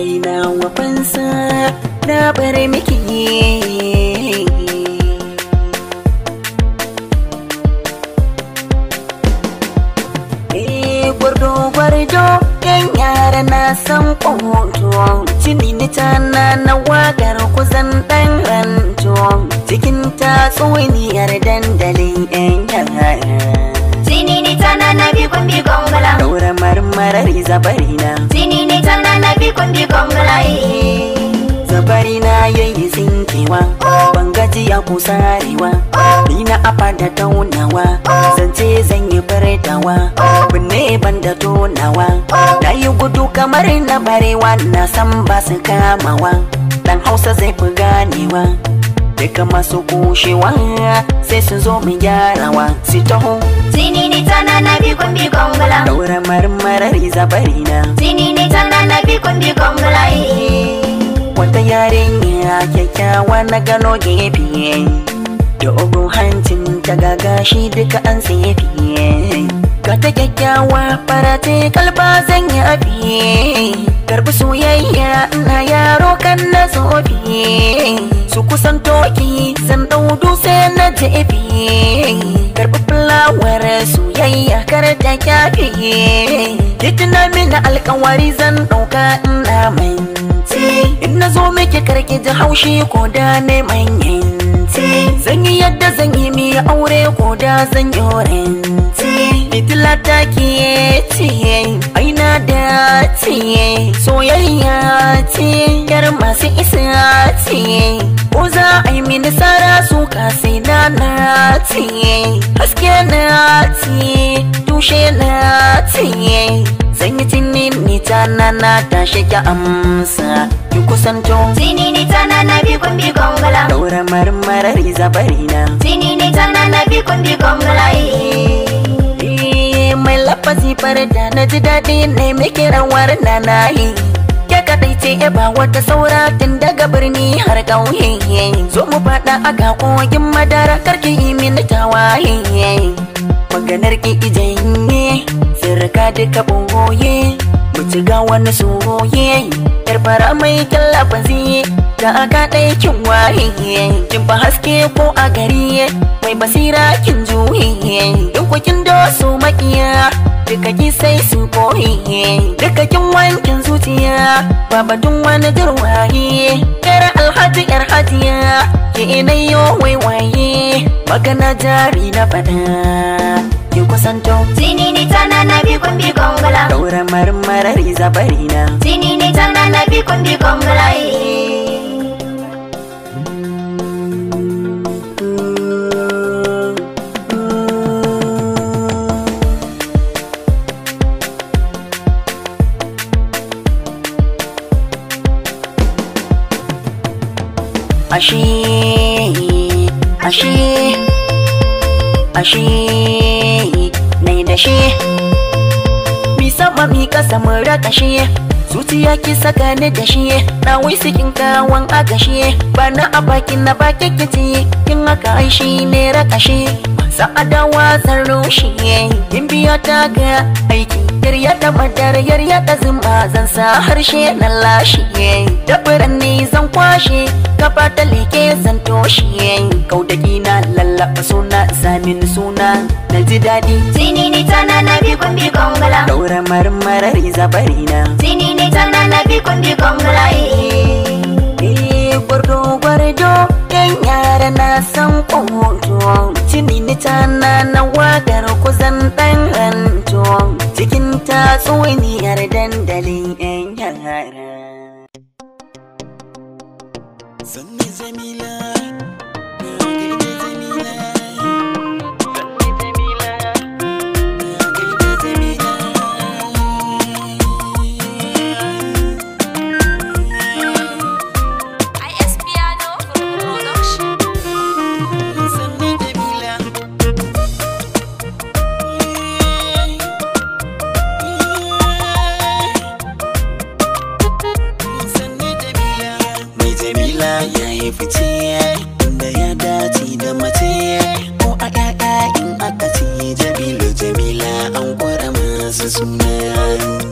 raina wa fansa na bar miki eh, gwardo gwardo yan yara na san ƙoto cini ni tana na wagar kuzan ɗan ranto cikin tatsuniyar dandalin yan yara cini ni tana na bi bigon bala daura marmarar zabarina kundi kwamrai zabari na yayi zinkewa ban gaji a kusarewa ni na afa da taunawa zance zan yi baretawa binne ban da tonawa na yi gudu kamar na barewa na san ba su kamawa dan hausa zai fi ganewa duka masu kushewa sai su zo mu gyarawa su taho tana na bi kun bi daura marmarar zabarina sini ne tana na bi kun bi eh. wata yarinya kyakkyawa na gano gefe da ogun hancin ta gagashi duka an tsaye fiye ka ta kyakkyawa farate kalba zan yi abiye karbi soyayya na yaro kan na tsofi su kusan toki zan dau dutse na jefi na kyafi ki mini alkawari zan ɗauka ina manti in na zo miki karki ji haushi ko da ne manyanti zan yi yadda zan yi mi aure ko da zan yi renti itila ta kiye tiye aina da tiye soyayya tiye yar masu isa tiye ko za a yi mini sara suka sai na na tiye haske na tiye yaushe na tiye zan yi tini ni ta na ta tashi ki amsa ki kusanto tini ni ta na na bi kun bi gongola daura marmarar zabari na tini ni ta na na bi kun bi gongola mai lafazi farda na ji daɗi ne mai kirawar na na yi kadai ce ba wata saura tun daga birni har ƙauye zo mu faɗa a ga kogin madara karki yi mini tawaye maganar ki ijaye ka duka boye mu ci ga wani soye yar fara mai kyallafazi ga aka ɗaya kin waye kin fa haske ko a gari mai basira kin juye duk kukin su makiya duka ki sai su koyi duka kin wankin zuciya baba dun wani durwaye yar alhaji yar hajiya ki inayo waiwaye. magana jari na faɗa ki kusanto Sini ni tana na bi kun gongola Daura marmarari zabari na Sini ni tana na bi kun gongola eh. Ashi numfashi nai da shi mi saba mi kasa mun kashi zuciya ki saka ne da shi na wai sikin kawan aka shi ba na a baki na ba kikici kin haka shi ne raka shi adawa san rushe in biya ta ga aiki yarya ta madar yarya ta zuma zan sa harshe na lashi da furanni zan kwashe ka fata leke zan toshi kaudaki na laɓa suna samin suna na ji daɗi. Sini ni tana na bi kun bi Daura marmarar zabari na. Sini ni tana na bi kun bi gongala. Eh gwardo eh. eh, gwardo yan yara na san ƙoto. Cini ni tana na wagar kuzan ɗan ranto. Cikin tatsuniyar dandalin yan yara. Zanne zamila kila ya yi fice ya dace da mace ko a ƴaƴa in aka ce Jabilu Jamila an kwara masu suna.